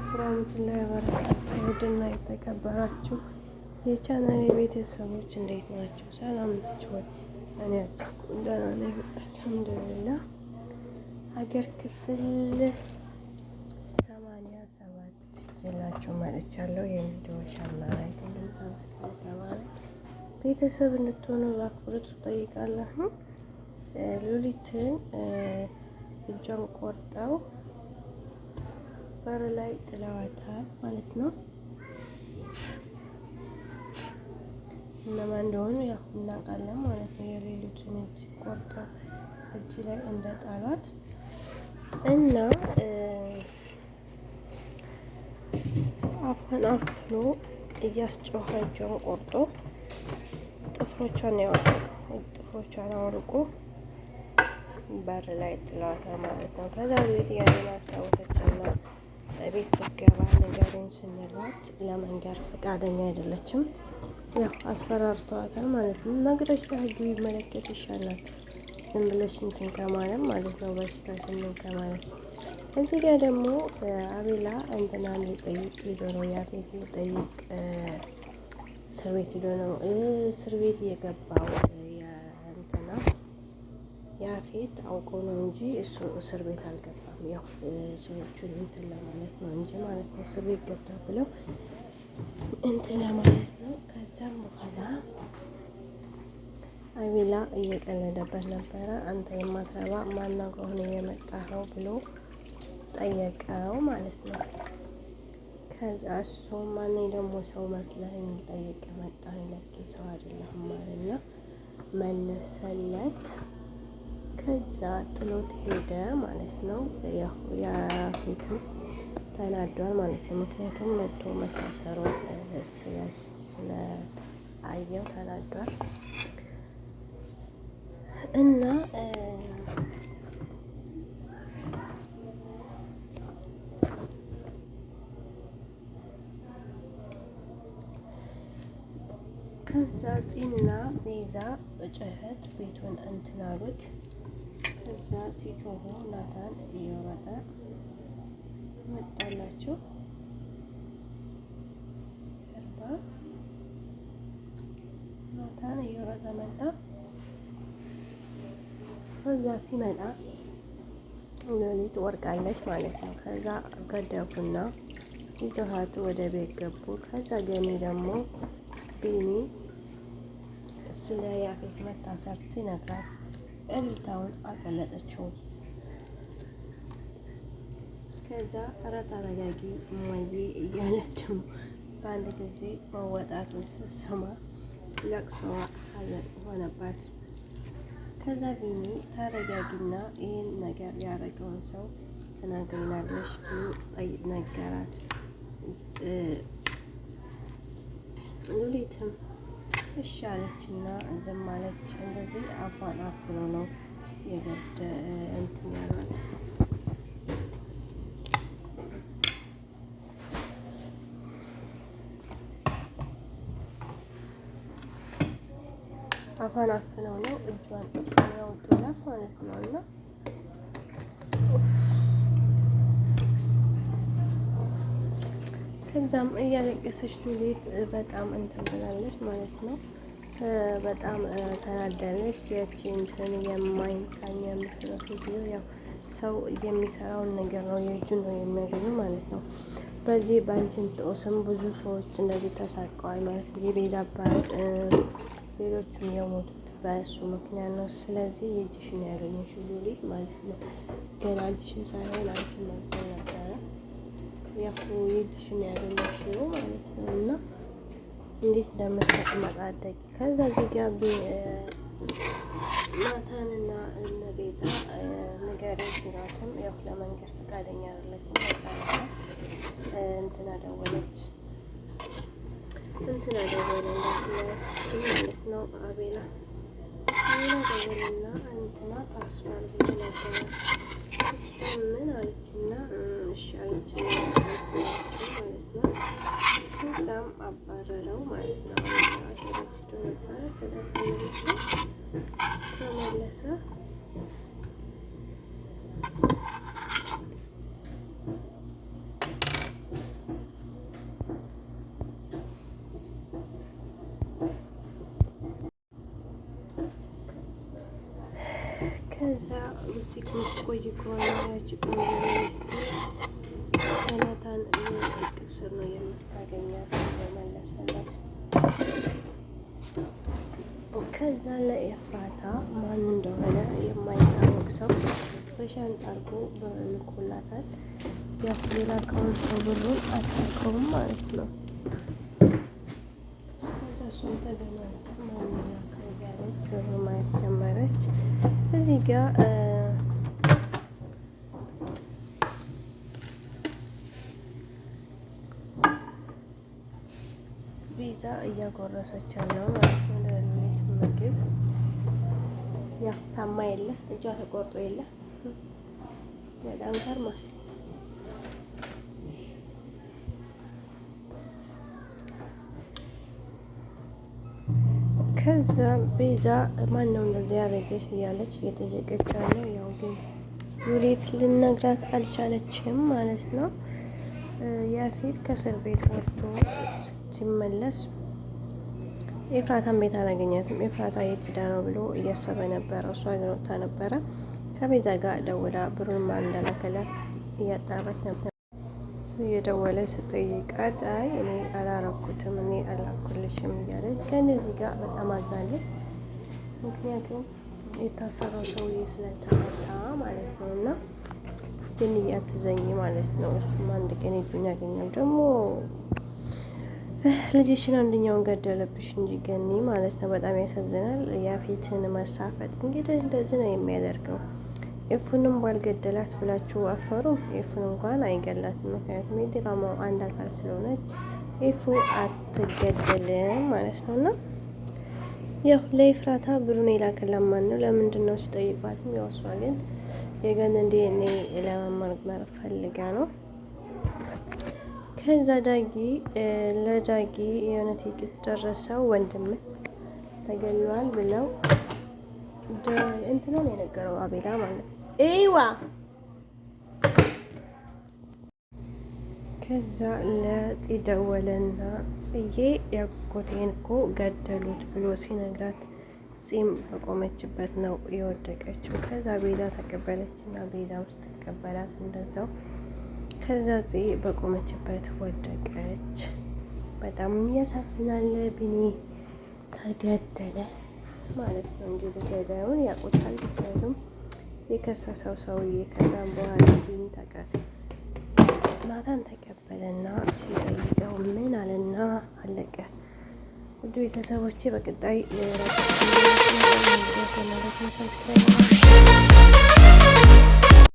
አለይኩም ወራህመቱላሂ ወበረካቱህ። ውድና የተከበራችሁ የቻናል ቤተሰቦች እንዴት ናቸው? ሰላም ናቸው ወይ? እኔ ደህና ነኝ አልሐምዱሊላህ። ሀገር ክፍል ሰማንያ ሰባት ይዤላችሁ መጥቻለሁ። ቤተሰብ እንድትሆኑ በአክብሮት እጠይቃለሁ። ሉሊትን እጇን ቆርጠው በር ላይ ጥለዋታል ማለት ነው። እነማ እንደሆኑ ያው እናውቃለን ማለት ነው። የሌሎችን እጅ ቆርጣ እጅ ላይ እንደ ጣሏት እና አፏን አፍኖ እያስጨዋታ እጇን ቆርጦ ጥፍሮቿን ያወርቁ ጥፍሮቿን አውርቆ በር ላይ ጥለዋታል ማለት ነው። ከዛ ቤት ያንን አስታወሰችና ቤት ስገባ ነገሩን ስንላት ለመንገር ፈቃደኛ አይደለችም። ያው አስፈራርተዋታል ማለት ነው። ነገሮች ለህግ ቢመለከት ይሻላል ዝም ብለሽ እንትን ከማለም ማለት ነው። በሽታ ስንን ከማለም እዚህ ጋር ደግሞ አቤላ እንትናን ሊጠይቅ ሄዶ ነው፣ ያፌት ሊጠይቅ እስር ቤት ሄዶ ነው እስር ቤት የገባው ያፌት አውቆ ነው እንጂ እሱ እስር ቤት አልገባም። ያው ሰዎቹን እንትን ለማለት ነው እንጂ ማለት ነው እስር ቤት ገባ ብለው እንትን ለማለት ነው። ከዛም በኋላ አቤላ እየቀለደበት ነበረ። አንተ የማትረባ ማና ከሆነ የመጣኸው ብሎ ጠየቀው ማለት ነው። ከዛ እሱ ማነኝ ደግሞ ሰው መስለኝ ጠይቅ መጣ ለኪ ሰው አይደለህም አለና መለሰለት። ከዛ ጥሎት ሄደ ማለት ነው። ያው ያፌትም ተናዷል ማለት ነው። ምክንያቱም መቶ መታሰሩ ስለአየው ተናዷል እና ከዛ ጺና ቤዛ በጩኸት ቤቱን እንትን አሉት። ከዛ ሲጮሁ ናታን እየወረደ መጣላቸው። እርባ ናታን እየወረደ መጣ። ከዛ ሲመጣ ሌሊት ወርቃለች ማለት ነው። ከዛ ገደቡና ይጮሃቱ ወደ ቤት ገቡ። ከዛ ገኒ ደግሞ ቢኒ ስለ ያፌት መታሰር ይነግራል። እልልታውን አቀለጠችው። ከዛ ኧረ ተረጋጊ እማዬ እያለችው በአንድ ጊዜ መወጣቱን ስትሰማ ለቅሶዋ ሀዘን ሆነባት። ከዛ ቢኒ ተረጋጊና ይህን ነገር ያደረገውን ሰው ትነግሪናለሽ ብሎ ነገራት። ሉሊትም እሺ አለችና ዝም አለች። እንደዚህ አፏን አፍኖ ነው የገደ እንትን ያላት። አፏን አፍነው ነው እጇን ጥፍን ያወጡላት ማለት ነው እና ከዛም እያለቀሰች ሉሊት በጣም እንትን ብላለች ማለት ነው። በጣም ተናዳለች። ያቺ እንትን የማይታኝ የምትለው ጊዜ ያው ሰው የሚሰራውን ነገር ነው የእጁ ነው የሚያገኙ ማለት ነው። በዚህ ባንቺን ጦስም ብዙ ሰዎች እንደዚህ ተሳቀዋል ማለት ነው። የቤዛ አባት ሌሎቹም የሞቱት በእሱ ምክንያት ነው። ስለዚህ የእጅሽን ያገኘች ሉሊት ማለት ነው። ገና እጅሽን ሳይሆን አንቺን መግደል ነበር ያው የእጅሽን ያገኘሽው ማለት ነው እና እንዴት እንደምታመጣደቂ ከዛ ዜጋ ናታንና እነ ቤዛ ንገረኝ ሲሏትም ያው ለመንገድ ፈቃደኛ አይደለችም። እንትና ደወለች እንትና ደወለ ማለት ነው አቤላ አቤላ እና እንትና ታስሯል ብሎ ነገራት። እሷ ምን አለችና መሻለች ማለት ነው። ከዛም አባረረው ማለት ነው። ተረስቶ ነበረ። ከዛ ተመልሶ ተመለሰ። ከዛ እዚህ ቆይ ቆይ ናታን እቅፍ ስር ነው የምታገኛት መለሰለት። ከዛ ለኤፍራታ ማን እንደሆነ የማይታወቅ ሰው በሻንጣ አርጎ ብር ልኮላታል። ያው የላከውን ሰው ብሩን አታውቀውም ማለት ነው። እሱም ተገናኝታ ማንኛ ላከው እያለች ብር ማየት ጀመረች እዚህ ጋር እያጎረሰች ያለው ማለት ነው። ለሌት ምግብ ያ ታማ የለ እጇ ተቆርጦ የለ በጣም ገርማል። ከዛ ቤዛ ማን ነው እንደዚህ ያደረገች እያለች እየጠየቀች ያለው ያው ግን ዩሌት ልነግራት አልቻለችም ማለት ነው። ያፌት ከእስር ቤት ወጥቶ ሲመለስ ኤፍራታን ቤት አላገኛትም። ኤፍራታ የት ሄዳ ነው ብሎ እያሰበ ነበረ። እሷ ግን ወጥታ ነበረ። ከቤዛ ጋር ደውላ ብሩን ማን እንዳላከላት እያጣራች ነበር። የደወለ ስጠይቃት አይ እኔ አላረኩትም እኔ አላኩልሽም እያለች ከእነዚህ ጋር በጣም አዛለች። ምክንያቱም የታሰረው ሰውዬ ስለተመታ ማለት ነው እና ግን እያትዘኝ ማለት ነው እሱም አንድ ቀን እጁን ያገኛል ደግሞ ልጅሽን አንደኛውን ገደለብሽ እንጂ ገኒ ማለት ነው። በጣም ያሳዝናል። ያፌትን መሳፈጥ እንግዲህ እንደዚህ ነው የሚያደርገው። ኤፉንም ባልገደላት ብላችሁ አፈሩ። ኤፉን እንኳን አይገላትም። ምክንያቱም የድራማው አንድ አካል ስለሆነች ኤፉ አትገደልም ማለት ነው እና ያው ለኤፍራታ ብሩን የላከላት ማን ነው? ለምንድን ነው ሲጠይቋትም ያው እሷ ግን የገን እንዲ እኔ ለመመርመር ፈልጋ ነው ከዛ ዳጊ ለዳጊ የሆነ ቴክስት ደረሰው ወንድም ተገሏል ብለው እንትኖን የነገረው አቤላ ማለት ነው። ይዋ ከዛ ለጽ ደወለና ጽዬ ያጎቴን እኮ ገደሉት ብሎ ሲነግራት ጺም በቆመችበት ነው የወደቀችው። ከዛ ቤዛ እና ቤዛ ውስጥ ተቀበላት እንደዛው ከዛ ጽ በቆመችበት ወደቀች። በጣም ያሳዝናል። ቢኒ ተገደለ ማለት ነው እንግዲህ ገዳዩን ያውቁታል። ምክንያቱም የከሰሰው ሰውዬ ከዛም በኋላ ቢኒ ናታን ተቀበለና ሲጠይቀው ምን አለና አለቀ። ውድ ቤተሰቦች በቀጣይ